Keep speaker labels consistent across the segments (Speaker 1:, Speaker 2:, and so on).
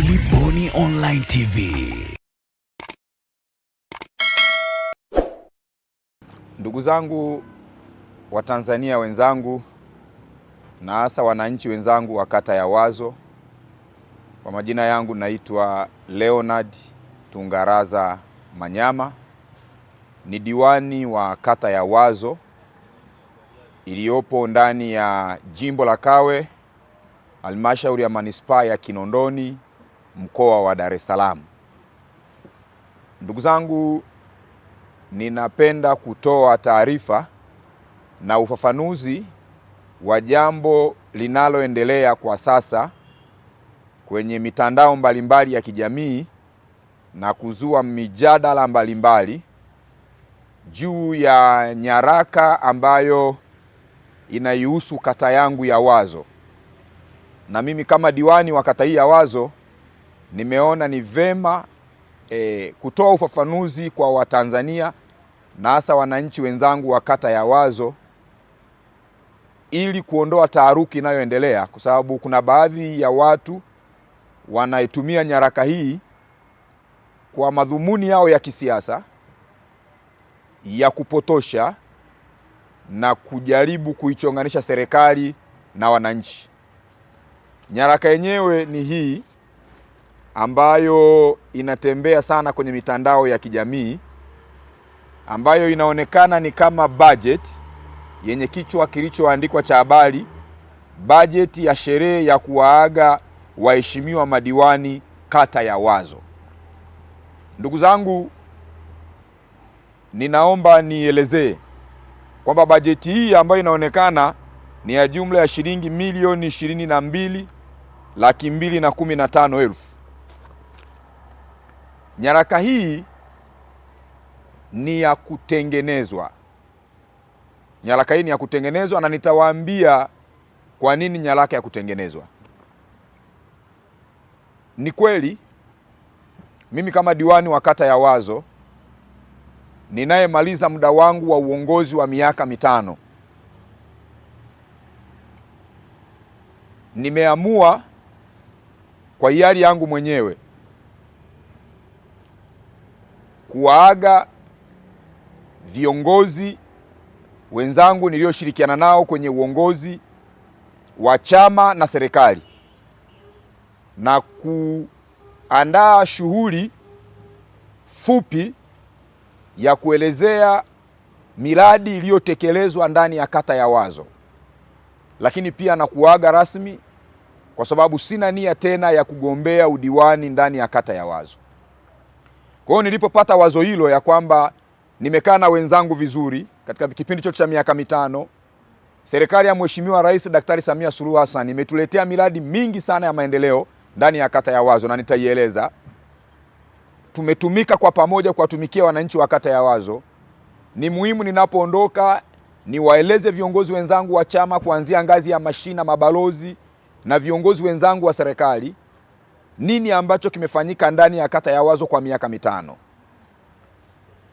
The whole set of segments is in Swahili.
Speaker 1: Daily Boni Online TV.
Speaker 2: Ndugu zangu wa tanzania wenzangu na hasa wananchi wenzangu wa kata ya Wazo, kwa majina yangu naitwa Leonard Tungaraza Manyama, ni diwani wa kata ya Wazo iliyopo ndani ya jimbo la Kawe halmashauri ya manispaa ya Kinondoni mkoa wa Dar es Salaam. Ndugu zangu, ninapenda kutoa taarifa na ufafanuzi wa jambo linaloendelea kwa sasa kwenye mitandao mbalimbali ya kijamii na kuzua mijadala mbalimbali juu ya nyaraka ambayo inaihusu kata yangu ya Wazo, na mimi kama diwani wa kata hii ya Wazo nimeona ni vema e, kutoa ufafanuzi kwa Watanzania na hasa wananchi wenzangu wa kata ya Wazo ili kuondoa taharuki inayoendelea, kwa sababu kuna baadhi ya watu wanaitumia nyaraka hii kwa madhumuni yao ya kisiasa ya kupotosha na kujaribu kuichonganisha serikali na wananchi. Nyaraka yenyewe ni hii ambayo inatembea sana kwenye mitandao ya kijamii ambayo inaonekana ni kama budget yenye kichwa kilichoandikwa cha habari budget ya sherehe ya kuwaaga waheshimiwa madiwani kata ya Wazo. Ndugu zangu, ninaomba nielezee kwamba bajeti hii ambayo inaonekana ni ya jumla ya shilingi milioni ishirini na mbili laki mbili na kumi na tano elfu Nyaraka hii ni ya kutengenezwa, nyaraka hii ni ya kutengenezwa, na nitawaambia kwa nini nyaraka ya kutengenezwa. Ni kweli mimi kama diwani wa kata ya Wazo ninayemaliza muda wangu wa uongozi wa miaka mitano nimeamua kwa hiari yangu mwenyewe kuwaaga viongozi wenzangu niliyoshirikiana nao kwenye uongozi wa chama na serikali na kuandaa shughuli fupi ya kuelezea miradi iliyotekelezwa ndani ya kata ya Wazo, lakini pia na kuaga rasmi, kwa sababu sina nia tena ya kugombea udiwani ndani ya kata ya Wazo. Kwa hiyo nilipopata wazo hilo ya kwamba nimekaa na wenzangu vizuri katika kipindi chote cha miaka mitano, serikali ya Mheshimiwa Rais Daktari Samia Suluhu Hassan imetuletea miradi mingi sana ya maendeleo ndani ya kata ya Wazo na nitaieleza. Tumetumika kwa pamoja kuwatumikia wananchi wa kata ya Wazo. Ni muhimu ninapoondoka niwaeleze viongozi wenzangu wa chama kuanzia ngazi ya mashina, mabalozi na viongozi wenzangu wa serikali nini ambacho kimefanyika ndani ya kata ya Wazo kwa miaka mitano.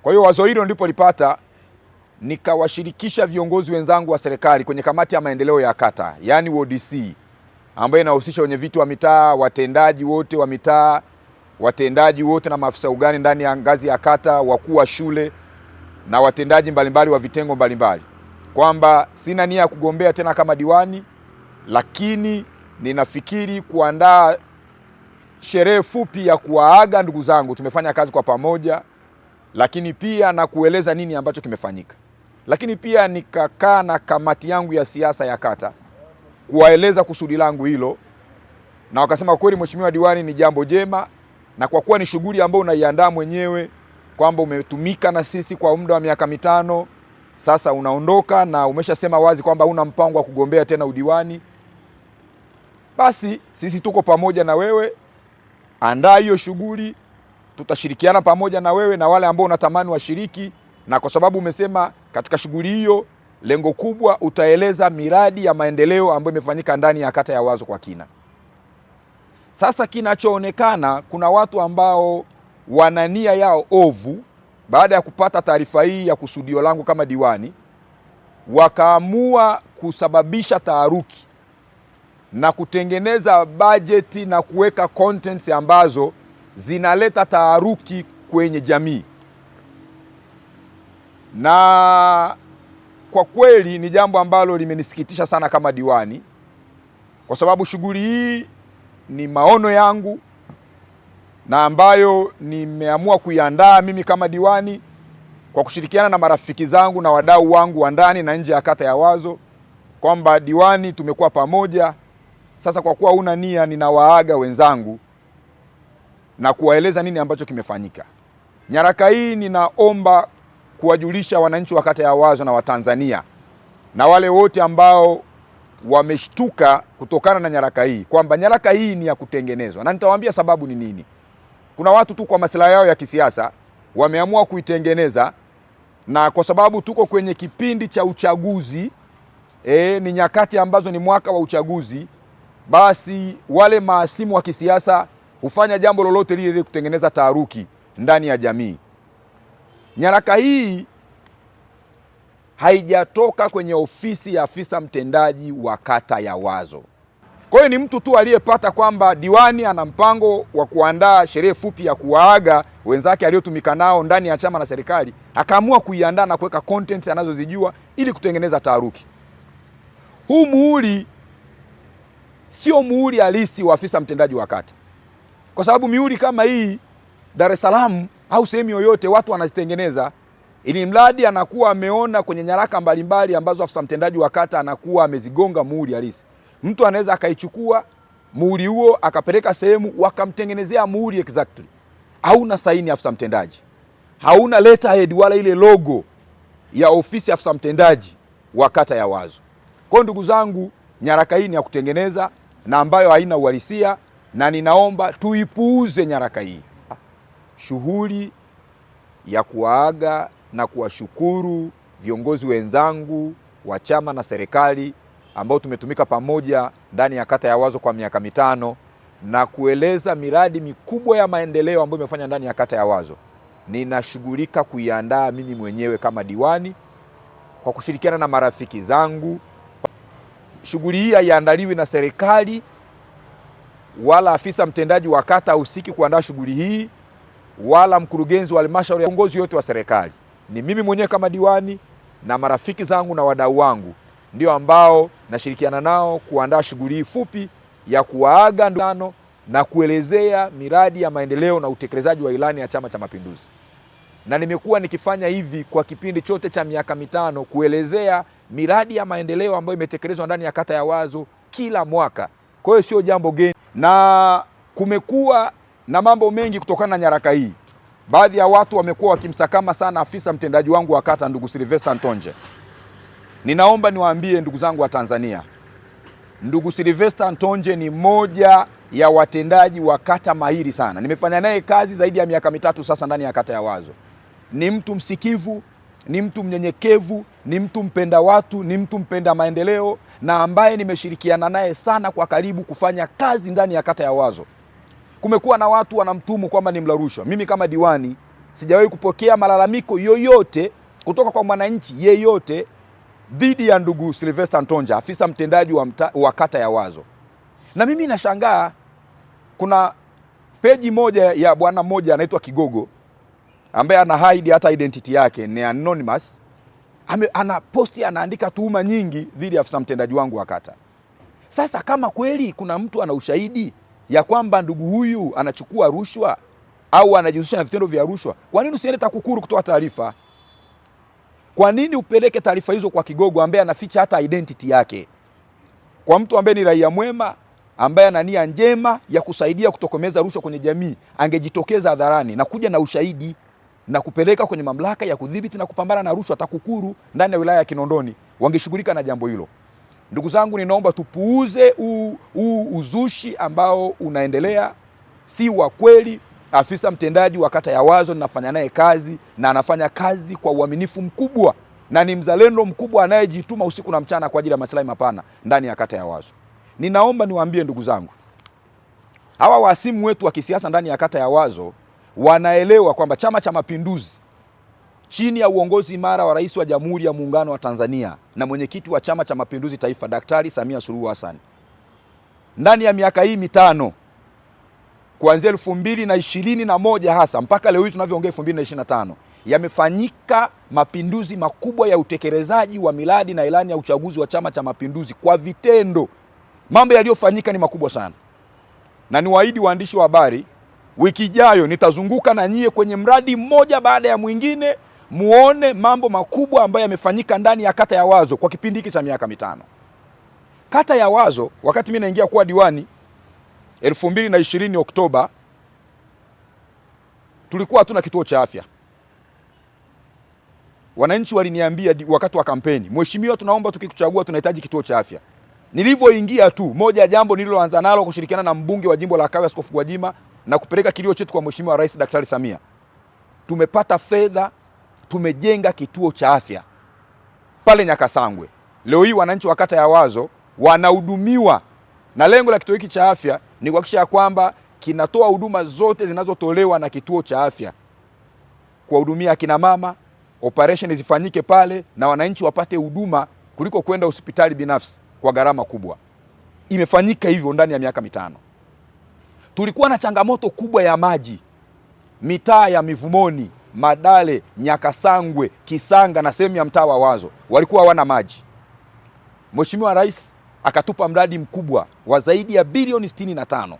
Speaker 2: Kwa hiyo wazo hilo nilipolipata nikawashirikisha viongozi wenzangu wa serikali kwenye kamati ya maendeleo ya kata, yani WDC, ambayo inahusisha wenye viti wa mitaa, watendaji wote wa mitaa, watendaji wote na maafisa ugani ndani ya ngazi ya kata, wakuu wa shule na watendaji mbalimbali wa vitengo mbalimbali, kwamba sina nia ya kugombea tena kama diwani, lakini ninafikiri kuandaa sherehe fupi ya kuwaaga ndugu zangu, tumefanya kazi kwa pamoja, lakini pia na kueleza nini ambacho kimefanyika, lakini pia nikakaa na kamati yangu ya siasa ya kata kuwaeleza kusudi langu hilo, na wakasema kweli, mheshimiwa diwani, ni jambo jema, na kwa kuwa ni shughuli ambayo unaiandaa mwenyewe kwamba umetumika na sisi kwa muda wa miaka mitano sasa, unaondoka na umeshasema wazi kwamba una mpango wa kugombea tena udiwani, basi sisi tuko pamoja na wewe andaa hiyo shughuli, tutashirikiana pamoja na wewe na wale ambao unatamani washiriki, na kwa sababu umesema katika shughuli hiyo lengo kubwa utaeleza miradi ya maendeleo ambayo imefanyika ndani ya kata ya Wazo kwa kina. Sasa kinachoonekana, kuna watu ambao wana nia yao ovu, baada ya kupata taarifa hii ya kusudio langu kama diwani, wakaamua kusababisha taharuki na kutengeneza bajeti na kuweka contents ambazo zinaleta taharuki kwenye jamii, na kwa kweli ni jambo ambalo limenisikitisha sana kama diwani, kwa sababu shughuli hii ni maono yangu na ambayo nimeamua kuiandaa mimi kama diwani kwa kushirikiana na marafiki zangu na wadau wangu wa ndani na nje ya kata ya Wazo, kwamba diwani tumekuwa pamoja sasa kwa kuwa una nia, ninawaaga wenzangu na kuwaeleza nini ambacho kimefanyika. Nyaraka hii ninaomba kuwajulisha wananchi wa kata ya Wazo na Watanzania na wale wote ambao wameshtuka kutokana na nyaraka hii kwamba nyaraka hii ni ya kutengenezwa, na nitawaambia sababu ni nini. Kuna watu tu kwa maslahi yao ya kisiasa wameamua kuitengeneza, na kwa sababu tuko kwenye kipindi cha uchaguzi e, ni nyakati ambazo ni mwaka wa uchaguzi basi wale maasimu wa kisiasa hufanya jambo lolote lile ili kutengeneza taharuki ndani ya jamii. Nyaraka hii haijatoka kwenye ofisi ya afisa mtendaji wa kata ya Wazo. Kwa hiyo ni mtu tu aliyepata kwamba diwani ana mpango wa kuandaa sherehe fupi ya kuwaaga wenzake aliyotumika nao ndani ya chama na serikali, akaamua kuiandaa na kuweka content anazozijua ili kutengeneza taharuki. Huu muhuri sio muhuri halisi wa afisa mtendaji wa kata, kwa sababu mihuri kama hii Dar es Salaam au sehemu yoyote watu wanazitengeneza ili mradi anakuwa ameona kwenye nyaraka mbalimbali ambazo afisa mtendaji wa kata anakuwa amezigonga muhuri halisi. Mtu anaweza akaichukua muhuri huo akapeleka sehemu wakamtengenezea muhuri exactly. Hauna saini afisa mtendaji, hauna letterhead wala ile logo ya ofisi afisa mtendaji wa kata ya Wazo. Kwa ndugu zangu nyaraka hii ni ya kutengeneza na ambayo haina uhalisia, na ninaomba tuipuuze nyaraka hii. Shughuli ya kuwaaga na kuwashukuru viongozi wenzangu wa chama na serikali ambao tumetumika pamoja ndani ya kata ya Wazo kwa miaka mitano na kueleza miradi mikubwa ya maendeleo ambayo imefanya ndani ya kata ya Wazo, ninashughulika kuiandaa mimi mwenyewe kama diwani kwa kushirikiana na marafiki zangu shughuli hii haiandaliwi na serikali wala afisa mtendaji wa kata hahusiki kuandaa shughuli hii wala mkurugenzi wa halmashauri, uongozi yote wa serikali. Ni mimi mwenyewe kama diwani na marafiki zangu na wadau wangu ndio ambao nashirikiana nao kuandaa shughuli hii fupi ya kuwaaga ndano na kuelezea miradi ya maendeleo na utekelezaji wa ilani ya Chama cha Mapinduzi, na nimekuwa nikifanya hivi kwa kipindi chote cha miaka mitano kuelezea miradi ya maendeleo ambayo imetekelezwa ndani ya kata ya Wazo kila mwaka. Kwa hiyo sio jambo geni, na kumekuwa na mambo mengi kutokana na nyaraka hii. Baadhi ya watu wamekuwa wakimsakama sana afisa mtendaji wangu wa kata, ndugu Silvester Ntonje. Ninaomba niwaambie ndugu zangu wa Tanzania, ndugu Silvester Ntonje ni moja ya watendaji wa kata mahiri sana. Nimefanya naye kazi zaidi ya miaka mitatu sasa ndani ya kata ya Wazo. Ni mtu msikivu ni mtu mnyenyekevu, ni mtu mpenda watu, ni mtu mpenda maendeleo na ambaye nimeshirikiana naye sana kwa karibu kufanya kazi ndani ya kata ya Wazo. Kumekuwa na watu wanamtumu kwamba ni mla rushwa. Mimi kama diwani sijawahi kupokea malalamiko yoyote kutoka kwa mwananchi yeyote dhidi ya ndugu Sylvester Ntonja, afisa mtendaji wa, mta, wa kata ya Wazo. Na mimi nashangaa kuna peji moja ya bwana mmoja anaitwa Kigogo ambaye ana hide hata identity yake ni anonymous, ame, ana posti anaandika tuhuma nyingi dhidi ya afisa mtendaji wangu wa kata. Sasa kama kweli kuna mtu ana ushahidi ya kwamba ndugu huyu anachukua rushwa au anajihusisha na vitendo vya rushwa, kwa nini usiende TAKUKURU kutoa taarifa? Kwa nini upeleke taarifa hizo kwa kigogo ambaye anaficha hata identity yake, kwa mtu ambaye ni raia mwema ambaye ana nia njema ya kusaidia kutokomeza rushwa kwenye jamii? Angejitokeza hadharani na kuja na ushahidi na kupeleka kwenye mamlaka ya kudhibiti na kupambana na rushwa TAKUKURU ndani ya wilaya ya Kinondoni, wangeshughulika na jambo hilo. Ndugu zangu, ninaomba tupuuze huu uzushi ambao unaendelea, si wa kweli. Afisa mtendaji wa kata ya Wazo ninafanya naye kazi na anafanya kazi kwa uaminifu mkubwa na ni mzalendo mkubwa anayejituma usiku na mchana kwa ajili ya maslahi mapana ndani ya kata ya Wazo. Ninaomba niwaambie ndugu zangu, hawa wasimu wetu wa kisiasa ndani ya kata ya Wazo wanaelewa kwamba Chama cha Mapinduzi chini ya uongozi imara wa Rais wa Jamhuri ya Muungano wa Tanzania na mwenyekiti wa Chama cha Mapinduzi Taifa, Daktari Samia Suluhu Hassan, ndani ya miaka hii mitano kuanzia elfu mbili na ishirini na moja hasa mpaka leo hii tunavyoongea elfu mbili na ishirini na tano yamefanyika mapinduzi makubwa ya utekelezaji wa miradi na ilani ya uchaguzi wa Chama cha Mapinduzi kwa vitendo. Mambo yaliyofanyika ni makubwa sana, na niwaahidi waandishi wa habari wiki ijayo nitazunguka na nyie kwenye mradi mmoja baada ya mwingine, muone mambo makubwa ambayo yamefanyika ndani ya kata ya Wazo kwa kipindi hiki cha miaka mitano. Kata ya Wazo, wakati mimi naingia kuwa diwani 2020 Oktoba, tulikuwa hatuna kituo cha afya. Wananchi waliniambia wakati wa kampeni, mheshimiwa, tunaomba tukikuchagua, tunahitaji kituo cha afya. Nilivyoingia tu, moja ya jambo nililoanza nalo kushirikiana na mbunge wa jimbo la Kawe Askofu Gwajima na kupeleka kilio chetu kwa Mheshimiwa Rais Daktari Samia. Tumepata fedha, tumejenga kituo cha afya pale Nyakasangwe. Leo hii wananchi wa kata ya Wazo wanahudumiwa, na lengo la kituo hiki cha afya ni kuhakikisha kwamba kinatoa huduma zote zinazotolewa na kituo cha afya kuwahudumia akina mama, operation zifanyike pale na wananchi wapate huduma kuliko kwenda hospitali binafsi kwa gharama kubwa. Imefanyika hivyo ndani ya miaka mitano tulikuwa na changamoto kubwa ya maji mitaa ya Mivumoni, Madale, Nyakasangwe, Kisanga na sehemu ya mtaa wa Wazo walikuwa hawana maji. Mheshimiwa Rais akatupa mradi mkubwa wa zaidi ya bilioni sitini na tano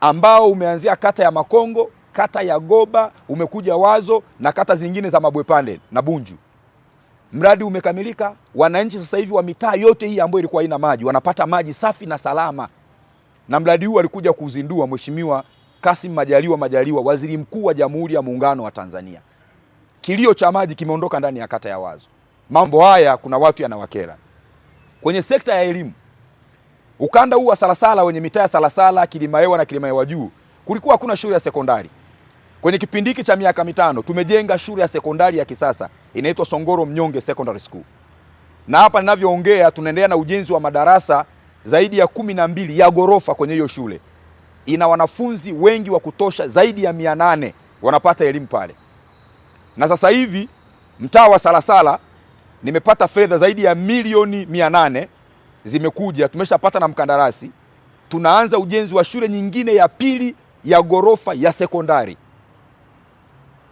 Speaker 2: ambao umeanzia kata ya Makongo, kata ya Goba, umekuja Wazo na kata zingine za Mabwepande na Bunju. Mradi umekamilika, wananchi sasa hivi wa mitaa yote hii ambayo ilikuwa haina maji wanapata maji safi na salama na mradi huu alikuja kuzindua Mheshimiwa Kassim Majaliwa Majaliwa, waziri mkuu wa Jamhuri ya Muungano wa Tanzania. Kilio cha maji kimeondoka ndani ya kata ya Wazo. Mambo haya kuna watu yanawakera. Kwenye sekta ya elimu, ukanda huu wa Salasala wenye mitaa ya Salasala, Kilimahewa na Kilimahewa juu kulikuwa hakuna shule ya sekondari. Kwenye kipindi hiki cha miaka mitano tumejenga shule ya sekondari ya kisasa inaitwa Songoro Mnyonge Secondary School, na hapa ninavyoongea tunaendelea na ujenzi wa madarasa zaidi ya kumi na mbili ya ghorofa kwenye hiyo shule, ina wanafunzi wengi wa kutosha, zaidi ya mia nane wanapata elimu pale. Na sasa hivi mtaa wa Salasala nimepata fedha zaidi ya milioni mia nane zimekuja, tumeshapata na mkandarasi. Tunaanza ujenzi wa shule nyingine ya pili ya ghorofa ya sekondari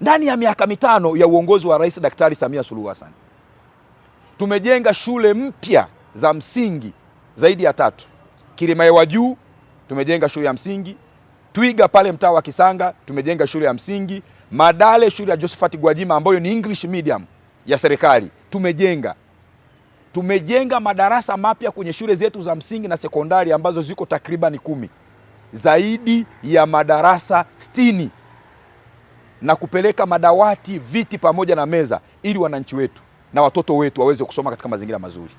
Speaker 2: ndani ya miaka mitano ya uongozi wa Rais Daktari Samia Suluhu Hassan tumejenga shule mpya za msingi zaidi ya tatu. Kilimaewa juu tumejenga shule ya msingi, Twiga pale mtaa wa Kisanga tumejenga shule ya msingi, Madale shule ya Josephat Gwajima ambayo ni English medium ya serikali tumejenga. Tumejenga madarasa mapya kwenye shule zetu za msingi na sekondari ambazo ziko takribani kumi, zaidi ya madarasa sitini na kupeleka madawati, viti pamoja na meza ili wananchi wetu na watoto wetu waweze kusoma katika mazingira mazuri.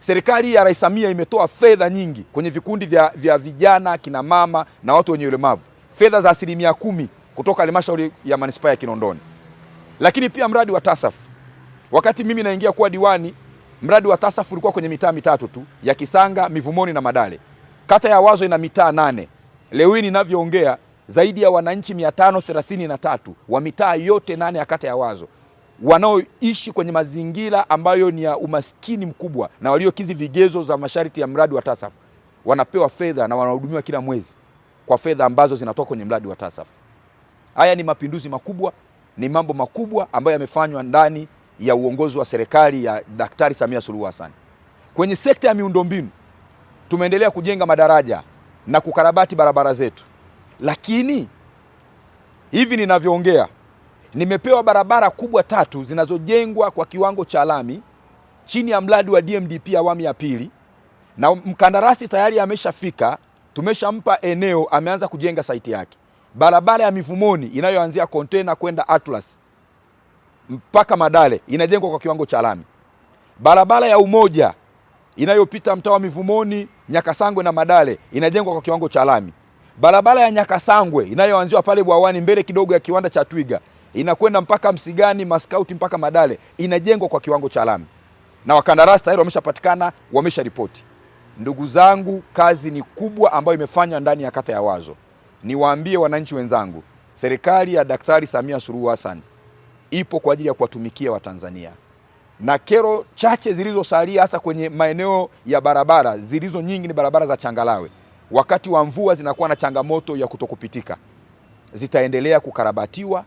Speaker 2: Serikali ya Rais Samia imetoa fedha nyingi kwenye vikundi vya, vya vijana, kina mama na watu wenye ulemavu, fedha za asilimia kumi kutoka halmashauri ya manispaa ya Kinondoni. Lakini pia mradi wa TASAF, wakati mimi naingia kuwa diwani, mradi wa TASAF ulikuwa kwenye mitaa mitatu tu ya Kisanga, Mivumoni na Madale. Kata ya Wazo ina mitaa nane. Leo hii ninavyoongea, zaidi ya wananchi tatu wa mitaa yote nane ya kata ya Wazo wanaoishi kwenye mazingira ambayo ni ya umaskini mkubwa na waliokizi vigezo za masharti ya mradi wa TASAF wanapewa fedha na wanahudumiwa kila mwezi kwa fedha ambazo zinatoka kwenye mradi wa TASAF. Haya ni mapinduzi makubwa, ni mambo makubwa ambayo yamefanywa ndani ya uongozi wa serikali ya Daktari Samia Suluhu Hassan. Kwenye sekta ya miundombinu tumeendelea kujenga madaraja na kukarabati barabara zetu, lakini hivi ninavyoongea nimepewa barabara kubwa tatu zinazojengwa kwa kiwango cha lami chini ya mradi wa DMDP awamu ya pili, na mkandarasi tayari ameshafika, tumeshampa eneo, ameanza kujenga saiti yake. Barabara ya Mivumoni inayoanzia kontena kwenda Atlas mpaka Madale inajengwa kwa kiwango cha lami. Barabara ya Umoja inayopita mtaa wa Mivumoni, Nyakasangwe na Madale inajengwa kwa kiwango cha lami. Barabara ya Nyakasangwe inayoanziwa pale Bwawani mbele kidogo ya kiwanda cha Twiga inakwenda mpaka Msigani, Maskauti mpaka Madale, inajengwa kwa kiwango cha lami na wakandarasi tayari wameshapatikana, ripoti Ndugu zangu, kazi ni kubwa ambayo imefanywa ndani ya kata ya Wazo. Niwaambie wananchi wenzangu, serikali ya Daktari Samia Suluhu Hassan ipo kwa ajili ya kuwatumikia Watanzania, na kero chache zilizosalia hasa kwenye maeneo ya barabara zilizo nyingi ni barabara za changalawe, wakati wa mvua zinakuwa na changamoto ya kutokupitika, zitaendelea kukarabatiwa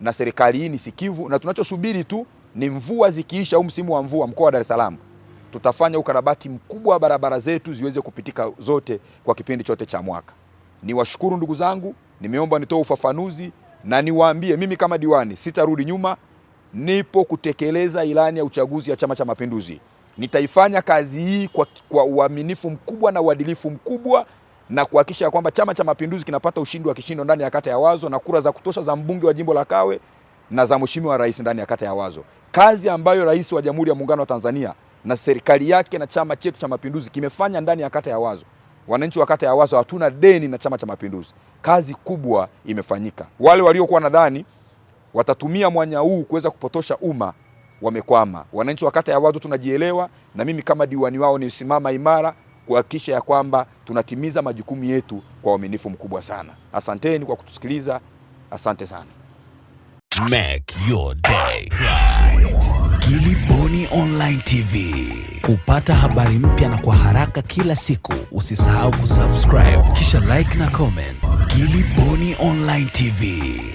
Speaker 2: na serikali hii ni sikivu, na tunachosubiri tu ni mvua zikiisha au msimu wa mvua, mkoa wa Dar es Salaam tutafanya ukarabati mkubwa wa barabara zetu ziweze kupitika zote kwa kipindi chote cha mwaka. Niwashukuru ndugu zangu, nimeomba nitoe ufafanuzi na niwaambie, mimi kama diwani sitarudi nyuma, nipo kutekeleza ilani ya uchaguzi ya Chama cha Mapinduzi. Nitaifanya kazi hii kwa, kwa uaminifu mkubwa na uadilifu mkubwa na kuhakikisha kwamba Chama cha Mapinduzi kinapata ushindi wa kishindo ndani ya kata ya Wazo na kura za kutosha za mbunge wa jimbo la Kawe na za mheshimiwa rais ndani ya kata ya Wazo, kazi ambayo rais wa Jamhuri ya Muungano wa Tanzania na serikali yake na chama chetu cha Mapinduzi kimefanya ndani ya kata ya Wazo. Wananchi wa kata ya Wazo hatuna deni na Chama cha Mapinduzi, kazi kubwa imefanyika. Wale waliokuwa nadhani watatumia mwanya huu kuweza kupotosha umma wamekwama. Wananchi wa kata ya Wazo tunajielewa, na mimi kama diwani wao nisimama imara kuhakikisha ya kwamba tunatimiza majukumu yetu kwa uaminifu mkubwa sana. Asanteni kwa kutusikiliza, asante sana. Make your day right. Gilly Bonny Online TV, kupata habari mpya na kwa haraka kila siku, usisahau kusubscribe kisha like na comment. Gilly Bonny Online TV.